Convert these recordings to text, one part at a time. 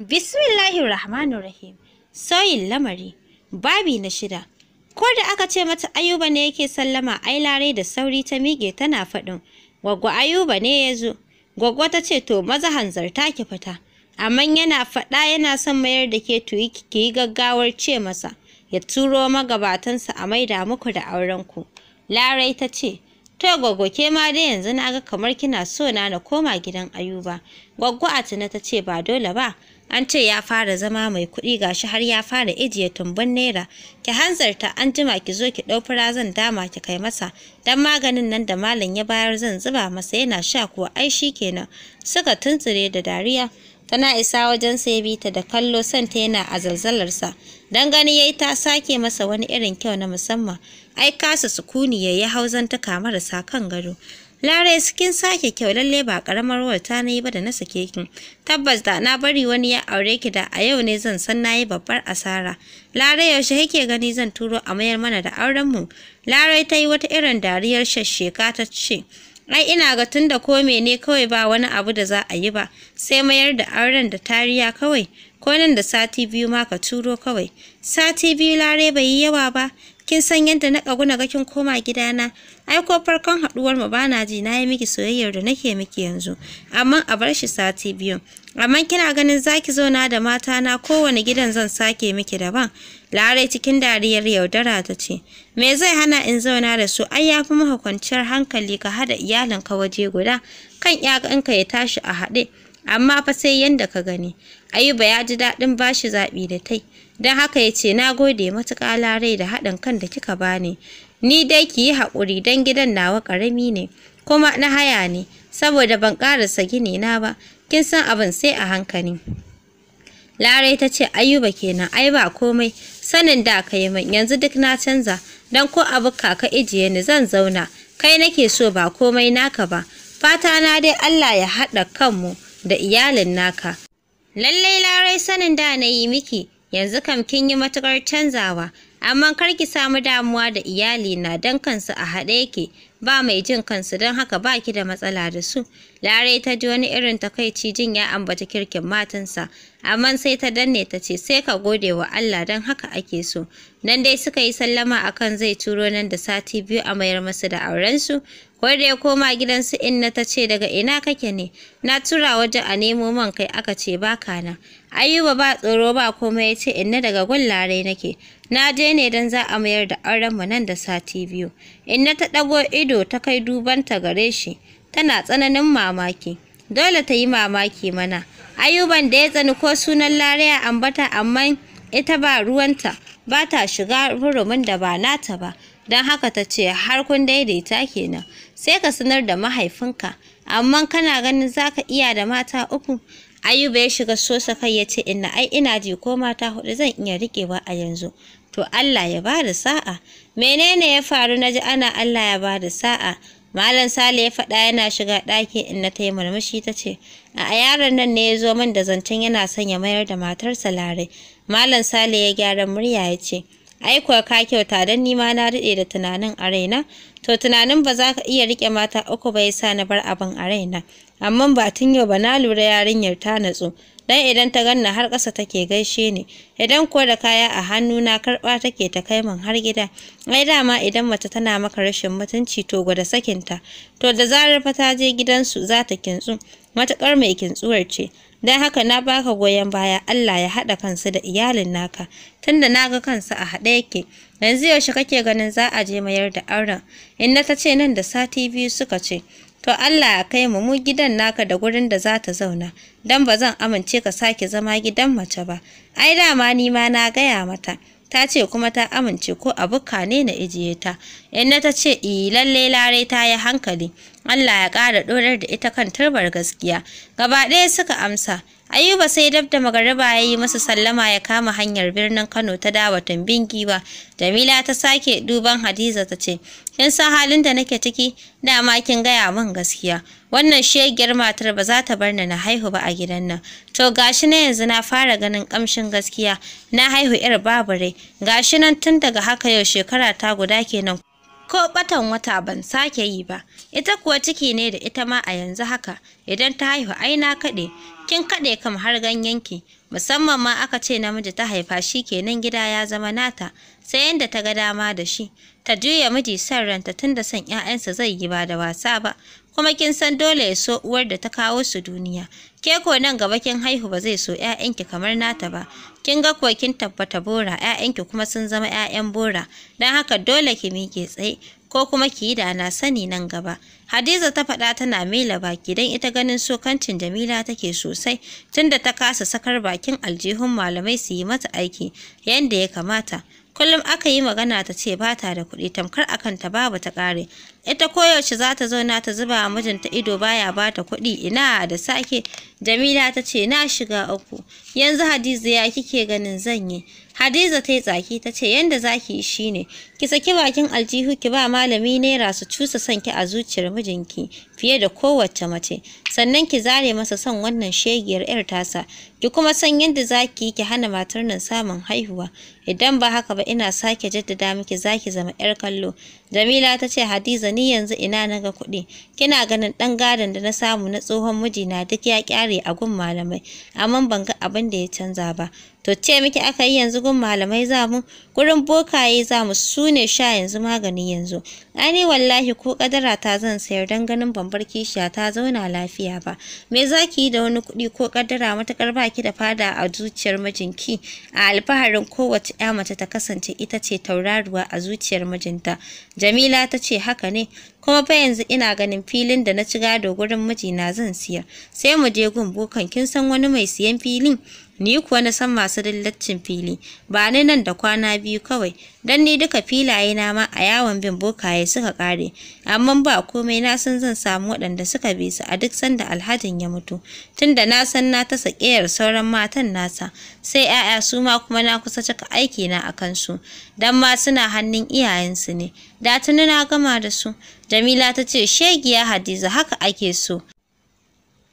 Bismillahir Rahmanir Rahim. Sauyin lamari. Babi na shida. Ko da aka ce mata Ayuba ne yake sallama ai larai da sauri ta mige tana faɗin. Gwaggo Ayuba ne ya zo. Gwaggo ta ce to maza hanzarta ki fita. Amma yana faɗa yana son mayar da ke tuyi ki yi gaggawar ce masa. Ya turo magabatansa a maida muku da auren ku. Larai ta ce, To gwaggo ke ma dai yanzu na ga kamar kina so na na koma gidan Ayuba. Gwaggo Atina ta ce ba dole ba, An ce ya fara zama mai kuɗi ga shi har ya fara ijiye tumbun naira. Ki hanzarta an jima ki zo ki ɗau fura zan dama ki kai masa. Dan maganin nan da malam ya bayar zan zuba masa yana sha kuwa ai shi kenan. Suka tuntsire da dariya. Tana isa wajen sai bita da kallo santa yana a zalzalarsa. Dan gani yayi ta sake masa wani irin kyau na musamman. Ai kasa sukuni yayi hauzan ta marasa kan gado. Lare kin sake kyau lalle ba karamar wata na yi ba da na sake kin. Tabbas da na bari wani ya aure ki da a yau ne zan san nayi babbar asara. Lare yaushe kake gani zan turo a mayar mana da auren mu. Lare ta yi wata irin dariyar shassheka ta ce. Ai ina ga tunda ko mene kawai ba wani abu da za a yi ba sai mayar da auren da tariya kawai ko nan da sati biyu ma ka turo kawai. Sati biyu lare bai yi yawa ba kin san yadda na kagu na ga kin koma gidana ai ko farkon haduwar mu bana ji na yi miki soyayyar da nake miki yanzu amma a bar shi sati biyu amma kina ganin zaki zauna da mata na kowane gidan zan sake miki daban lare cikin dariyar yaudara ta ce me zai hana in zauna da su ai yafi maka kwanciyar hankali ka hada iyalin ka waje guda kan ƴaƴanka ya tashi a haɗe amma fa sai yanda ka gani ayuba ya ji daɗin bashi zaɓi da tai don haka ya ce na gode matuƙa larai da haɗin kan da kika bani ni dai ki yi haƙuri don gidan nawa ƙarami ne kuma na haya ne saboda ban ƙarasa gini na ba kin san abin sai a hankali larai ta ce ayuba kenan ai ba komai sanin da ka yi yanzu duk na canza don ko abu kaka ijiye ni zan zauna kai nake so ba komai naka ba fata na dai allah ya haɗa kanmu da iyalin naka lallai larai sanin da na yi miki yanzu kam kin yi matuƙar canzawa amma kar ki samu damuwa da iyali na dan kansu a haɗe yake ba mai jin kansu don haka ba ki da matsala da su lare ta ji wani irin takaici jin ya ambata kirkin matansa amma sai ta danne ta ce sai ka gode wa Allah don haka ake so nan dai suka yi sallama akan zai turo nan da sati biyu a mayar masu da aurensu ko da ya koma gidansu su na ta ce daga ina kake ne na tura waje a nemo man kai aka ce baka na Ayuba ba tsoro ba komai ya ce inna daga gullare nake. Na je ne don za a mayar da auren mu nan da sati biyu. Inna ta ɗago ido ta kai duban ta gare shi. Tana tsananin mamaki. Dole ta yi mamaki mana. Ayuban da ya tsani ko sunan ya ambata amma ita ba ruwanta ba ta shiga rurumin da ba nata ba. Don haka ta ce har kun daidaita kenan. Sai ka sanar da mahaifinka. amma kana ganin za ka iya da mata uku Ayuba ya shiga sosa kai ya ce inna ai ina ji ko mata hudu zan iya riƙewa a yanzu. To Allah ya ba da sa'a. Menene ya faru na ji ana Allah ya ba da sa'a. Malam Sale ya faɗa yana shiga ɗaki inna ta yi murmushi ta ce, A yaron nan ne ya zo min da zancen yana son ya mayar da matarsa lare. Malam Sale ya gyara murya ya ce, ai kuwa ka kyauta don nima na daɗe da tunanin a raina to tunanin ba za ka iya rike mata uku ba yasa na bar abin a raina amma ba tun yau ba na lura yarinyar ta natsu dan idan ta ganna har ƙasa take gaishe ni idan ko da kaya a hannu na karɓa take ta kai min har gida ai dama idan mace tana maka rashin mutunci to gwada sakinta to da zarar fa ta je gidansu za ta kintsu matuƙar mai kintsuwar ce don haka na baka goyon baya Allah ya haɗa kansu da iyalin naka tunda na ga kansu a haɗe yake yanzu yaushe kake ganin za a je mayar da auren in na ta ce nan da sati biyu suka ce to Allah ya kai mu mu gidan naka da gurin da za ta zauna don ba zan amince ka sake zama gidan mace ba ai dama ni ma na gaya mata ta ce kuma ta amince ko a bukka ne na ijiye ta inna ta ce e, lalle larai ta yi hankali Allah ya ƙara ɗorar da ita kan turbar gaskiya gaba ɗaya suka amsa Ayuba sai dab da magariba ya yi masa sallama ya kama hanyar birnin Kano ta dawatan bingi ba. Jamila ta sake duban Hadiza ta ce, "Kin san halin da nake ciki? Dama kin gaya min gaskiya. Wannan shegiyar matar ba za ta bar ni na haihu ba a gidan nan. To gashi na yanzu na fara ganin kamshin gaskiya. Na haihu 'yar babu rai. Gashi nan tun daga haka yau shekara ta guda kenan ko batan wata ban sake yi ba ita kuwa ciki ne da ita ma a yanzu haka idan ta haihu ai na kaɗe kin kaɗe kam har ganyen ki musamman ma aka ce namiji ta haifa shi kenan gida ya zama nata sai yanda ta ga dama da shi ta juya miji son ranta tunda son 'ya'yansa zai yi ba da wasa ba kuma kin san dole ya so uwar da ta kawo su duniya ke ko nan gaba kin haihu ba zai so ƴaƴanki kamar nata ba kin ga ko kin tabbata bora ƴaƴanki kuma sun zama ƴaƴan bora dan haka dole ki miƙe tsaye ko kuma ki yi da na sani nan gaba Hadiza ta faɗa tana mila baki dan ita ganin sokancin Jamila take sosai tunda ta kasa sakar bakin aljihun malamai su yi mata aiki yadda ya kamata. kullum aka yi magana ta ce ba ta da kuɗi tamkar akan ta babu ta ƙare ita koyaushe za ta zauna ta zuba mijinta ido baya ba ta kuɗi ina da sake jamila ta ce na shiga uku yanzu hadiza ya kike ganin zan yi hadiza ta yi tsaki ta ce yanda za ki yi shi ne. ki saki bakin aljihu ki ba malami naira su cusa son a zuciyar mijinki fiye da kowace mace sannan ki zare masa son wannan shegiyar yar tasa ki kuma san yadda za ki yi ki hana matar nan samun haihuwa idan ba haka ba ina sake jaddada miki zaki zama yar kallo Jamila ta ce Hadiza ni yanzu ina na ga kuɗi kina ganin ɗan gadon da na samu na tsohon miji na duk ya kyare a gun malamai amma ban ga abin da ya canza ba to ce miki aka yi yanzu gun malamai za mu Wurin bokaye za mu su sha yanzu magani yanzu. Ani wallahi ko kadara ta zan sayar don ganin ban bar kishiya ta zauna lafiya ba. Me za ki yi da wani kuɗi ko kadara matakar ba ki da fada a zuciyar mijinki? A alfaharin kowace ya mace ta kasance ita ce tauraruwa a zuciyar mijinta. Jamila ta ce haka ne. kuma fa yanzu ina ganin filin da na ci gado gurin mijina zan siyar sai mu je gun bokan kin san wani mai siyan filin ni kuwa na san masu dillacin fili ba ni nan da kwana biyu kawai dan ni duka filaye na ma a yawon bin bokaye suka kare amma ba komai na san zan samu waɗanda suka bi su a duk sanda alhajin ya mutu tunda na san na ta sakiyar sauran matan nasa sai 'ya'ya su ma kuma na kusa cika aiki na a kansu dan ma suna hannun iyayensu ne da tuni na gama da su jamila ta ce shegiya hadiza haka ake so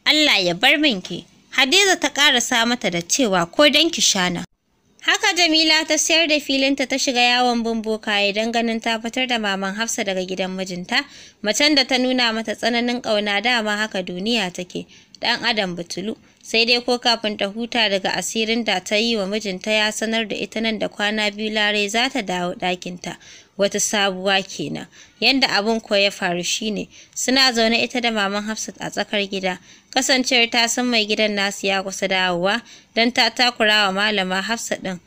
Allah ya bar min ki Hadiza ta ƙarasa mata da cewa ko don ki shana. Haka Jamila ta sayar da filinta ta shiga yawon bumbokaye don ganin ta fitar da maman Hafsa daga gidan mijinta, macen da ta nuna mata tsananin ƙauna dama haka duniya take, ɗan adam butulu. Sai dai ko kafin ta huta daga asirin da ta yi wa mijinta ya sanar da ita nan da kwana biyu lare za ta dawo ɗakinta, wata sabuwa kenan. Yanda abun ko ya faru shine, suna zaune ita da maman Hafsat a tsakar gida, kasancewar ta san mai gidan nasu ya kusa dawowa don ta takura wa malama hafsa ɗin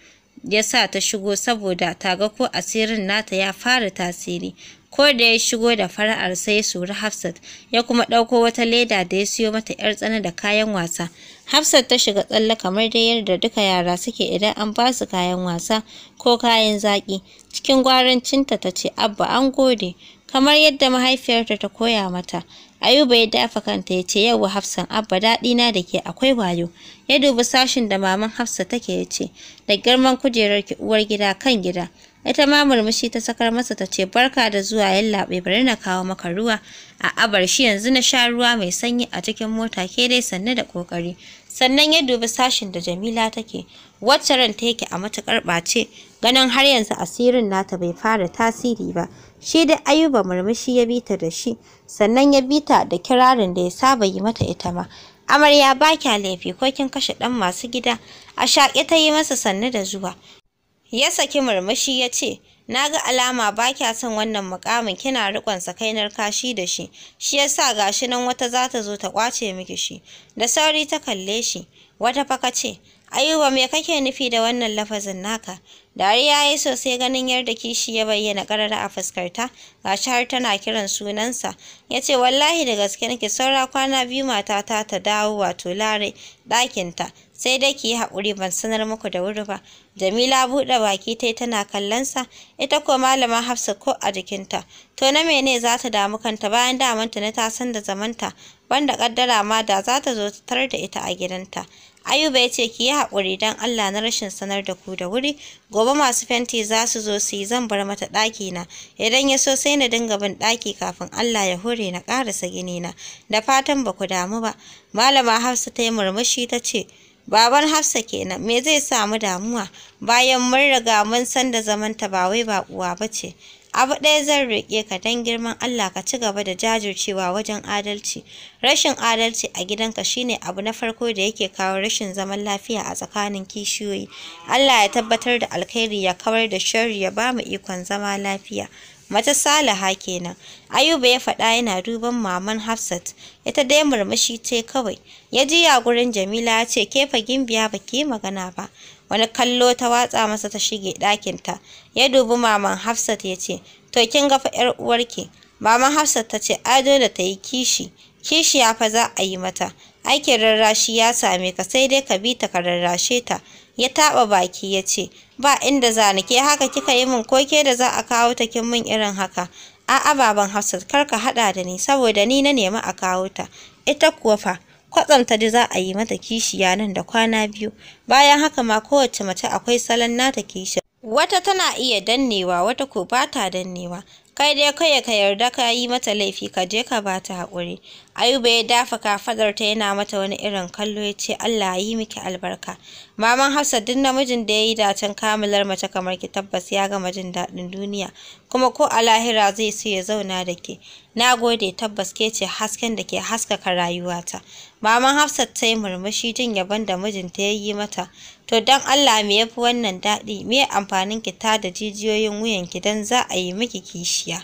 ya sa ta shigo saboda ta ga ko asirin nata ya fara tasiri ko da ya shigo da fara'ar sai ya suri Hafsat ya kuma ɗauko wata leda da ya siyo mata 'yar tsana da kayan wasa. Hafsat ta shiga tsalle kamar dai yadda duka yara suke idan an ba su kayan wasa ko kayan zaƙi. Cikin gwarancinta ta ce, Abba an gode, kamar yadda mahaifiyarta ta koya mata. Ayuba ya dafa kanta ya ce yau Hafsan abba daɗi na da ke akwai wayo. Ya dubi sashin da maman Hafsa take ya ce da girman kujerar ki uwar gida kan gida. Ita ma murmushi ta sakar masa ta ce barka da zuwa yallaɓe bari na kawo maka ruwa. A abar shi yanzu na sha ruwa mai sanyi a cikin mota ke dai sanne da ƙoƙari. Sannan ya dubi sashin da Jamila take wacce ranta yake a matuƙar ɓace ganin har yanzu asirin nata bai fara tasiri ba. shi da ayuba murmushi ya bita da shi sannan ya bita da kirarin da ya saba yi mata ita ma amarya ba kya laifi ko kin kashe ɗan masu gida a shaƙe ta yi masa sannu da zuwa ya saki murmushi ya ce na ga alama ba kya son wannan mukamin kina riƙon kainar kashi da shi shi yasa gashi nan wata za ta zo ta ƙwace miki shi da sauri ta kalle shi wata faka ce ayuba me kake nufi da wannan lafazin naka Dariya ya yi sosai ganin yadda kishi ya bayyana karara a fuskarta, shi har tana kiran sunansa. Ya ce, Wallahi da gaske nake saura kwana biyu mata ta ta dawo wato lare ɗakinta, sai dai ki yi haƙuri ban sanar muku da wuri ba. Jamila buɗe baki tai tana kallonsa, ita ko malama Hafsa ko a jikinta. To na mene za ta damu kanta bayan damanta na ta san da zamanta, banda ƙaddara ma da za ta zo ta tar da ita a gidanta. Ayuba ya ce ki yi haƙuri don Allah na rashin sanar da ku da wuri, gobe masu fenti za su zo su yi zan bar mata ɗaki na, idan ya so sai na dinga bin ɗaki kafin Allah ya hore na ƙarasa gini na, da fatan ba ku damu ba. Malama Hafsa ta yi murmushi ta ce, Baban Hafsa kenan, me zai samu damuwa bayan mun riga mun san da zamanta ba wai ba uwa ba ce. abu ɗaya zan riƙe ka don girman Allah ka ci gaba da jajircewa wajen adalci rashin adalci a gidanka shine abu na farko da yake kawo rashin zaman lafiya a tsakanin kishiyoyi Allah ya tabbatar da alkhairi ya kawar da shari ya bamu ikon zama lafiya mata salaha kenan ayuba ya faɗa yana duban maman hafsat ita dai murmushi ce kawai ya jiya gurin jamila ya ce kefa gimbiya baki magana ba wani kallo ta watsa masa ta shige ɗakinta ya dubi maman hafsat ya ce to kin ga fa yar uwarki maman hafsat ta ce ai dole ta yi kishi Kishi ya fa za a yi mata aikin rarrashi ya same ka sai dai ka bi ta ka rarrashe ta ya taɓa baki ya ce ba inda za ni ke haka kika yi min ko ke da za a kawo ta kin min irin haka a'a baban hafsat kar ka haɗa da ni saboda ni na nemi a kawo ta ita kuwa fa kwatsam ta za a yi mata kishiya nan da kwana biyu bayan haka ma kowace mace akwai salon nata kishin wata tana iya dannewa wata ko bata ta dannewa kai dai kai ka yarda ka yi mata laifi ka je ka ba ta haƙuri ayuba ya dafa ta yana mata wani irin kallo ya ce allah yi miki albarka maman hafsa duk namijin da ya yi dacen kamilar mace kamar ki tabbas ya gama jin daɗin duniya kuma ko a lahira zai so ya zauna da ke na gode tabbas ke ce hasken da ke haskaka rayuwata maman hafsat ta yi murmushi jin yabon da mijinta ya yi mata to don Allah me fi wannan daɗi me amfanin ki da jijiyoyin wuyan ki don za a yi miki kishiya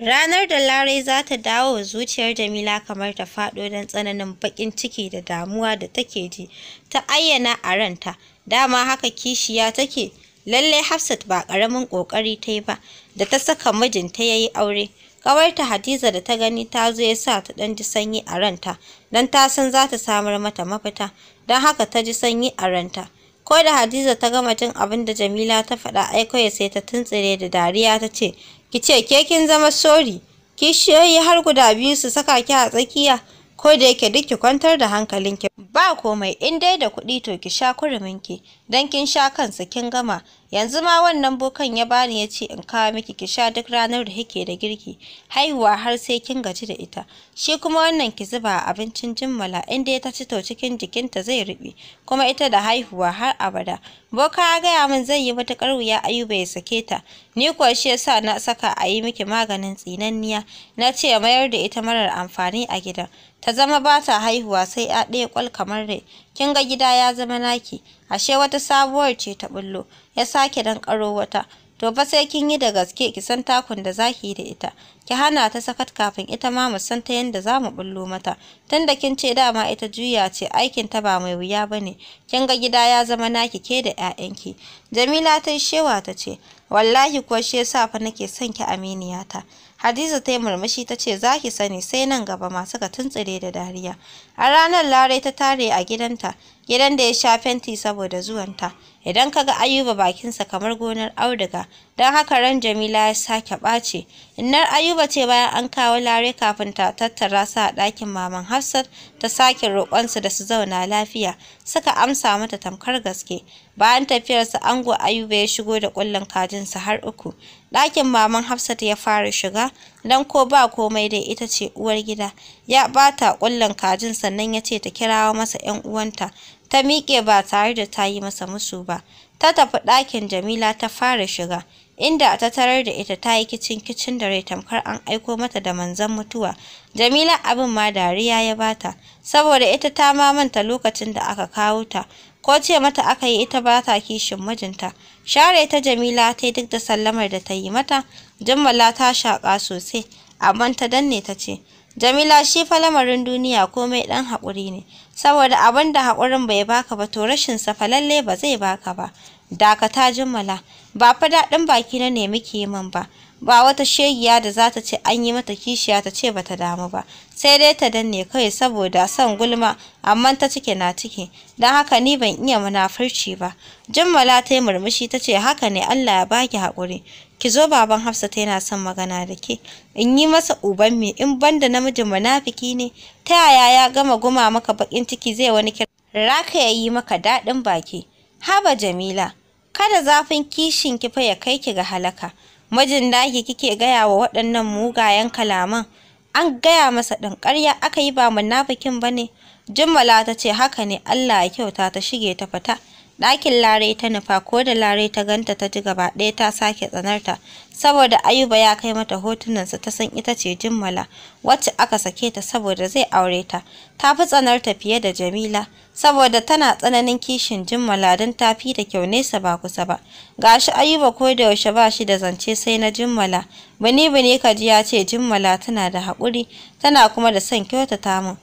ranar da larai za ta dawo wa zuciyar jamila kamar ta faɗo don tsananin baƙin ciki da damuwa da take ji ta ayyana a ranta dama haka kishiya take lallai hafsat ba ƙaramin ƙoƙari ta yi ba da ta saka mijinta ya yi aure Ƙawarta Hadiza da ta gani ta zo ya sa ta ɗan ji sanyi a ranta, don ta san za ta samar mata mafita. don haka ta ji sanyi a ranta. Ko da Hadiza ta gama jin abin da Jamila ta faɗa ai kawai sai ta tuntsire da dariya ta ce, ki ce ke kin zama sori, kishiyoyi har guda biyu su saka ki a tsakiya, ko da yake duk ki kwantar da hankalinki ba komai in dai da kuɗi to ki sha ki dan kin sha kansa kin gama yanzu ma wannan bokan ya bani ya ce in kawo miki ki sha duk ranar da kike da girki haihuwa har sai kin gaji da ita shi kuma wannan ki zuba a abincin jimmala in dai ta ci to cikin jikinta zai ruɓe kuma ita da haihuwa har abada boka ya gaya min zai yi matuƙar wuya ayuba ya sake ta ni kuwa shi yasa na saka a yi miki maganin tsinanniya na ce mayar da ita marar amfani a gidan ta zama ba ta haihuwa sai a ɗaya ƙwal kamar rai kin ga gida ya zama naki ashe wata sabuwar ce ta bullo ya sake dan ƙaro wata to fa sai kin yi da gaske ki san takun da zaki da ita ki hana ta sakat kafin ita ma mu san ta yanda za mu bullo mata tunda kin ce dama ita juya ce aikin ta ba mai wuya bane kin ga gida ya zama naki ke da ƴaƴanki Jamila ta shewa ta ce wallahi kuwa shi yasa fa nake son ki aminiyata Hadiza ta yi murmushi ta ce za ki sani sai nan gaba masu ka tuntsire da dariya. A ranar Larai ta tare a gidanta, gidan da ya sha fenti saboda zuwanta. idan ka ga ayuba bakinsa kamar gonar auduga don haka ran jamila ya sake ɓace innar ayuba ce bayan an kawo lare kafin ta tattara su a ɗakin maman hafsat ta sake roƙonsu da su zauna lafiya suka amsa mata tamkar gaske bayan tafiyarsa ango ayuba ya shigo da ƙullin kajinsa har uku ɗakin maman hafsat ya fara shiga don ko ba komai dai ita ce uwar gida ya ɓata ƙullin kajin sannan ya ce ta kirawo masa 'yan uwanta ta miƙe ba tare da ta yi masa musu ba ta tafi ɗakin Jamila ta fara shiga inda ta tarar da ita ta yi kicin kicin da rai tamkar an aiko mata da manzan mutuwa Jamila abin ma dariya ya bata saboda ita ta ma manta lokacin da aka kawo ta ko ce mata aka yi ita ba ta kishin mijinta share ta Jamila ta yi duk da sallamar da ta yi mata Jummala ta shaƙa sosai amma ta danne ta ce Jamila shi fa lamarin duniya komai dan hakuri ne, saboda abin da haƙurin bai baka ba to rashin sa fa lalle ba zai baka ba. Dakata Jummala, ba fa baki na ne ki min ba, ba wata shegiya da za ta ce an yi mata kishiya ta ce bata damu ba, sai dai ta danne kai saboda son gulma, amma ta cike na cike, Dan haka ni ban iya munafurci ba. Jummala ta yi murmushi ta ce haka ne Allah ya baki hakuri. ki zo baban Hafsat yana son magana da ke in yi masa uban me in banda namijin munafiki ne ta yaya ya gama guma maka bakin ciki zai wani kira raka ya yi maka daɗin baki haba Jamila kada zafin kishin ki fa ya kai ki ga halaka mijin daki kike gaya wa waɗannan mugayen kalaman an gaya masa ɗin ƙarya aka yi ba munafikin bane ne Jummala ta ce haka ne Allah ya kyauta ta shige ta fita. ɗakin lare ta nufa ko da lare ta ganta ta ji gaba ɗaya ta sake tsanarta saboda ayuba ya kai mata hotunansa ta san ita ce jimmala wacce aka sake ta saboda zai aure ta ta fi tsanarta fiye da jamila saboda tana tsananin kishin jimmala don ta fi da kyau nesa ba kusa ba gashi ayuba ko da yaushe ba shi da zance sai na jimmala bini bini kaji ya ce jimmala tana da haƙuri tana kuma da son kyautata mun.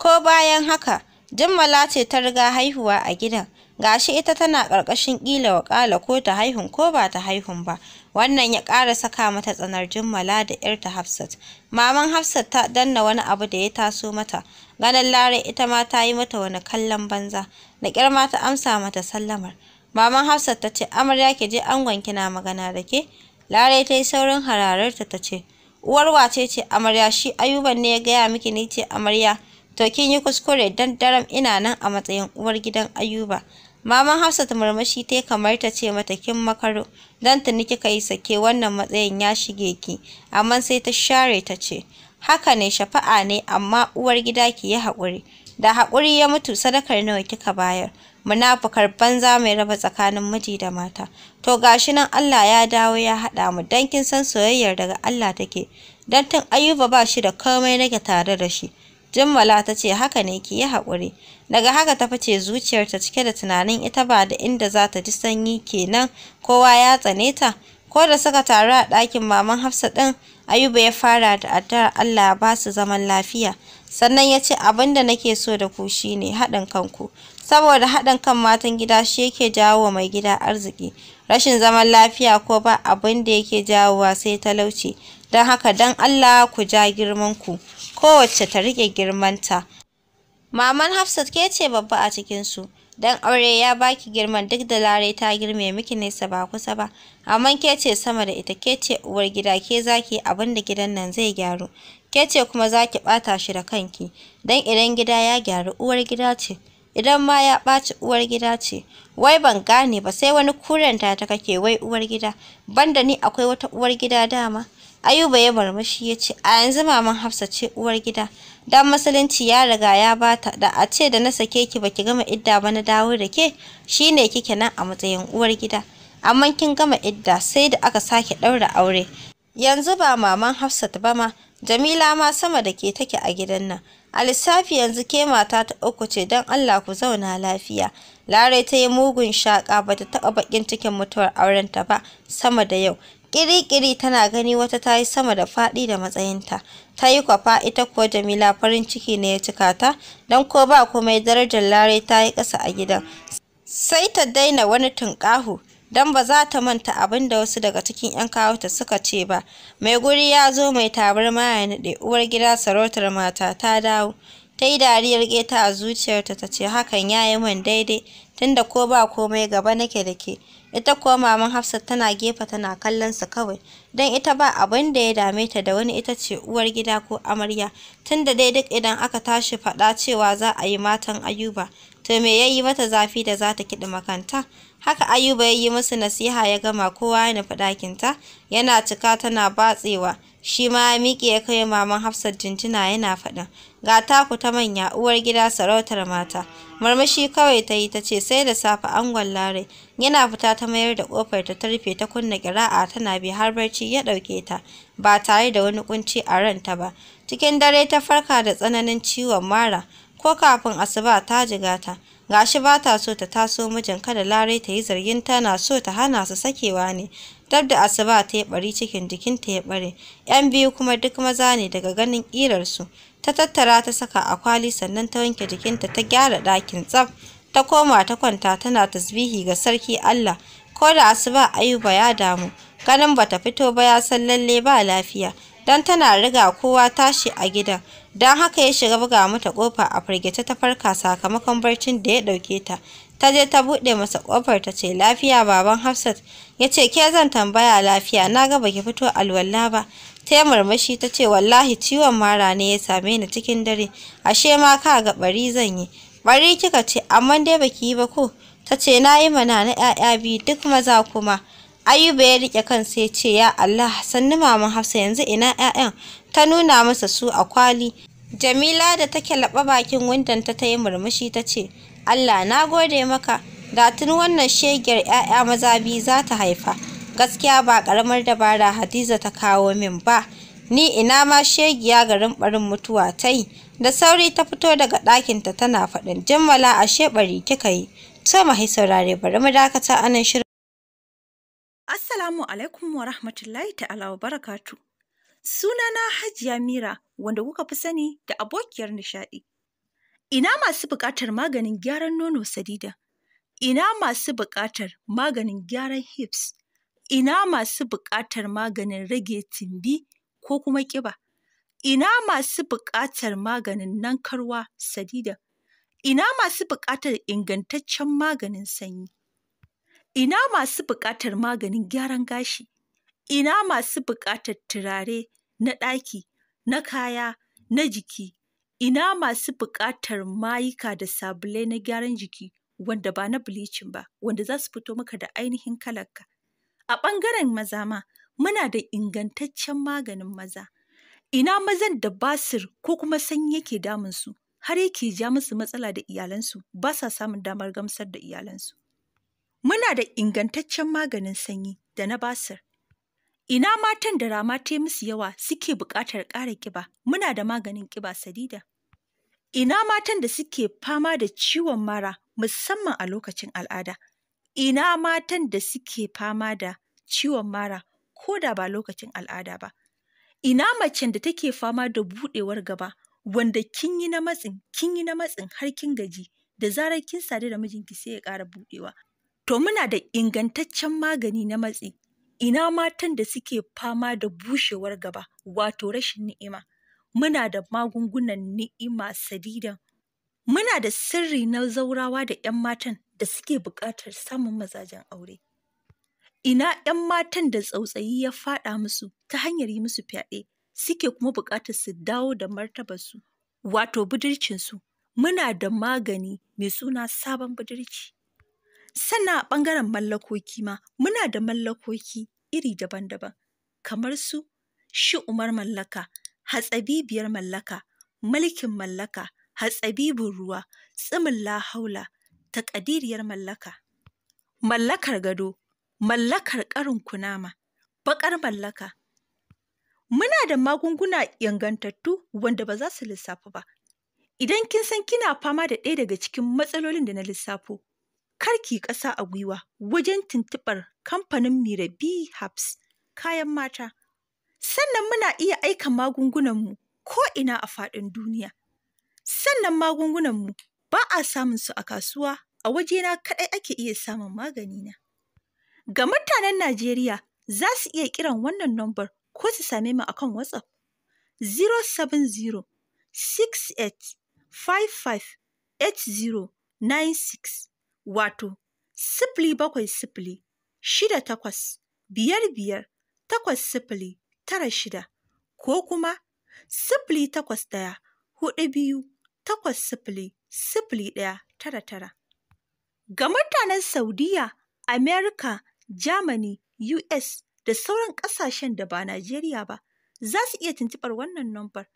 ko bayan haka Jummala ce ta riga haihuwa a gidan gashi ita tana ƙarƙashin ƙila wa ƙala ko ta haihun ko ba ta haihun ba wannan ya ƙara saka mata tsanar jummala da ‘yarta Hafsat maman Hafsat ta danna wani abu da ya taso mata ganin Lare ita ma ta yi mata wani kallon banza da ƙyar ma ta amsa mata sallamar maman Hafsat ta ce amarya ki je angon kina magana da ke Lare ta yi saurin ta ta ce uwar wace ce amarya shi Ayuban ne ya gaya miki ni ce amarya to kin yi kuskure dan daram ina nan a matsayin uwar gidan Ayuba Maman Hafsat murmushi ta kamar ta ce mata kin makaro dan tuni kika yi sake wannan matsayin ya shige ki amma sai ta share ta ce haka ne shafa'a ne amma uwar gida ki yi hakuri da hakuri ya mutu sadakar nawa kika bayar munafukar banza mai raba tsakanin miji da mata to gashi nan Allah ya dawo ya haɗa mu dan kin san soyayyar daga Allah take dan tun Ayuba ba shi da komai nake tare da shi Jummala ta ce haka ne ki yi haƙuri. Daga haka ta fice zuciyarta cike da tunanin ita ba da inda za ta ji sanyi kenan kowa ya tsane ta. Ko da suka taru a ɗakin maman Hafsa ɗin, Ayuba ya fara da addu'ar Allah ba su zaman lafiya. Sannan ya ce abin da nake so da ku shine haɗin kanku. Saboda haɗin kan matan gida shi yake jawo wa mai gida arziki. Rashin zaman lafiya ko ba abin da yake jawowa sai talauci. Don haka don Allah ku ja girmanku. ku. kowace ta riƙe girmanta. Maman Hafsat ke ce babba a cikinsu, don aure ya baki girman duk da Lare ta girme miki nesa ba kusa ba, amma ke ce sama da ita ke ce uwar gida ke za ki abin da gidan nan zai gyaru, ke ce kuma za ki ɓata shi da kanki, don idan gida ya gyaru uwar gida ce. idan ma ya ɓaci uwar gida ce wai ban gane ba sai wani kuranta ta kake wai uwar gida banda ni akwai wata uwar gida dama Ayuba ya barmashi ya ce, A yanzu maman Hafsa ce uwar gida, dan musulunci ya riga ya bata da a ce da na sake ki baki gama idda ba na dawo da ke, shine kike nan a matsayin uwar gida. Amma kin gama idda sai da aka sake ɗaura aure. Yanzu ba maman Hafsat ba ma, Jamila ma sama da ke take a gidan nan. A lissafi yanzu ke mata ta uku ce don Allah ku zauna lafiya. Larai ta yi mugun shaƙa ba ta taɓa bakin cikin mutuwar aurenta ba sama da yau. Ƙiri-ƙiri tana gani wata ta yi sama da faɗi da matsayinta. Ta yi kwafa ita kuwa Jamila farin ciki ne ya cika ta, don ko ba komai darajar Lare ta yi ƙasa a gidan. Sai ta daina wani tunƙahu, don ba za ta manta abin da wasu daga cikin 'yan kawota suka ce ba. Mai guri ya zo mai tabar ya naɗe, uwar gida sarautar mata ta dawo. Ta yi dariyar ƙeta a zuciyarta ta ce hakan ya yi min daidai, tunda ko ba komai gaba nake da ke. ita kuwa maman Hafsat tana gefa tana kallon su kawai dan ita ba abin da ya dame ta da wani ita ce uwar gida ko amarya tunda dai duk idan aka tashi fada cewa za a yi matan Ayuba to me yayi mata zafi da za ta kiɗi makanta haka Ayuba ya yi musu nasiha ya gama kowa ya nufi ɗakinta yana cika tana batsewa shi ma ya miƙe ya kai maman Hafsat jinjina yana faɗin ga taku ta manya uwar gida sarautar mata marmashi kawai ta yi ta ce sai da safe angon Larai. yana fita ta mayar da kofar ta tarfe ta kunna kira'a tana bi har barci ya ɗauke ta ba tare da wani kunci a ranta ba cikin dare ta farka da tsananin ciwon mara ko kafin asuba ta jigata gashi ba ta so ta taso mijin kada lare ta yi zargin tana so ta hana su sakewa ne dab da asuba ta yi bari cikin jikinta ya bare yan biyu kuma duk maza ne daga ganin ƙirarsu ta tattara ta saka a kwali sannan ta wanke jikinta ta gyara ɗakin tsaf ta koma ta kwanta tana tasbihi ga sarki Allah ko da asuba Ayuba ya damu ganin bata fito ba ya san lalle ba lafiya dan tana riga kowa tashi a gida. dan haka ya shiga buga mata kofa a firgita ta farka sakamakon barcin da ya ɗauke ta ta je ta buɗe masa ƙofar ta ce lafiya baban hafsat yace ke zan tambaya lafiya naga baki fito alwala ba ta murmushi ta ce wallahi ciwon mara ne ya same ni cikin dare ashe ma ka ga bari zan yi bari kika ce amma dai baki yi ba ko ta ce na yi mana na ƴaƴa biyu duk maza kuma Ayuba ya rike kansa ya ce ya Allah sannu mama Hafsa yanzu ina ƴaƴan. ta nuna masa su a kwali Jamila da take laɓa bakin windanta ta yi murmushi ta ce Allah na gode maka da tun wannan shegiyar ƴaƴa maza biyu za ta haifa gaskiya ba ƙaramar dabara hadiza ta kawo min ba ni ina ma shegiya garin barin mutuwa ta yi da sauri ta fito daga ɗakinta tana faɗin jammala a shebari kika yi to mai saurare bari mu dakata anan shirin Assalamu alaikum wa rahmatullahi ta'ala wa barakatu. Sunana Hajiya Mira wanda kuka fi sani da abokiyar nishaɗi. Ina masu buƙatar maganin gyaran nono sadida. Ina masu buƙatar maganin gyaran hips. ina masu buƙatar maganin rage tumbi ko kuma ƙiba, ina masu buƙatar maganin nankarwa sadida? ina masu buƙatar ingantaccen maganin sanyi, ina masu buƙatar maganin gyaran gashi, ina masu buƙatar turare na ɗaki, na kaya, na jiki, ina masu buƙatar mayuka da sabulai na gyaran jiki wanda ba na bilicin ba, wanda za su fito maka da ainihin kalarka. A ɓangaren maza ma, muna da ingantaccen maganin maza. Ina mazan da basir ko kuma sanyi yake damunsu, har yake ja musu matsala da iyalansu, ba sa samun damar gamsar da iyalansu. Muna da ingantaccen maganin sanyi da na basir. Ina matan da rama ta musu yawa suke buƙatar ƙara ƙiba, muna da maganin ƙiba sadida. Ina matan da suke fama da ciwon mara musamman a lokacin al'ada, Ina matan da suke fama da ciwon mara ko da ba lokacin al'ada ba? Ina macen da take fama da buɗewar gaba wanda kin yi na matsin, kin yi na matsin har kin gaji da zarar kin sadu da mijinki sai ya ƙara buɗewa. To muna da ingantaccen magani na matsi. Ina matan da suke fama da bushewar gaba wato rashin ni'ima. Muna da magungunan ni'ima sadidan. Muna da sirri na zaurawa da ‘yan matan da suke buƙatar samun mazajen aure. Ina ‘yan matan da tsautsayi ya faɗa musu ta hanyar yi musu fyaɗe suke kuma buƙatar su dawo da martabarsu, wato budurcinsu, muna da magani mai suna sabon budurci. Sannan a ɓangaren mallakoki ma, muna da mallakoki iri daban-daban, kamar su shi umar mallaka, hatsabibiyar mallaka, mulkin mallaka, hatsabibin ruwa, tsimin lahaula, taƙadiriyar mallaka, mallakar gado, mallakar ƙarin kunama, baƙar mallaka. Muna da magunguna yangantattu wanda ba za su lissafu ba. Idan kin san kina fama da ɗaya daga cikin matsalolin da na lissafo, kar ki ƙasa a gwiwa wajen tuntuɓar kamfanin Mirabi Habs kayan mata. Sannan muna iya aika magungunanmu ko ina a faɗin duniya. Sannan magungunanmu ba a samun su a kasuwa, a wajena kaɗai ake iya samun magani na. Ga mutanen Najeriya za su iya kiran wannan nombar ko su same mu akan WhatsApp 070 68 55 8096 wato sifili bakwai sifili shida takwas biyar biyar takwas sifili tara shida ko kuma sifili takwas ɗaya hudu biyu takwas sifili sifili ɗaya tara tara. Ga mutanen Saudiya, Amerika, Germany, US da sauran ƙasashen da ba Najeriya ba, za su iya tuntuɓar wannan nombar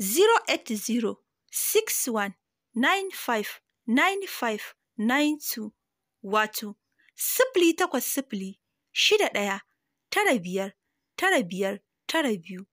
08061959592 wato sifili takwas sifili shida ɗaya tara biyar tara biyar tara biyu.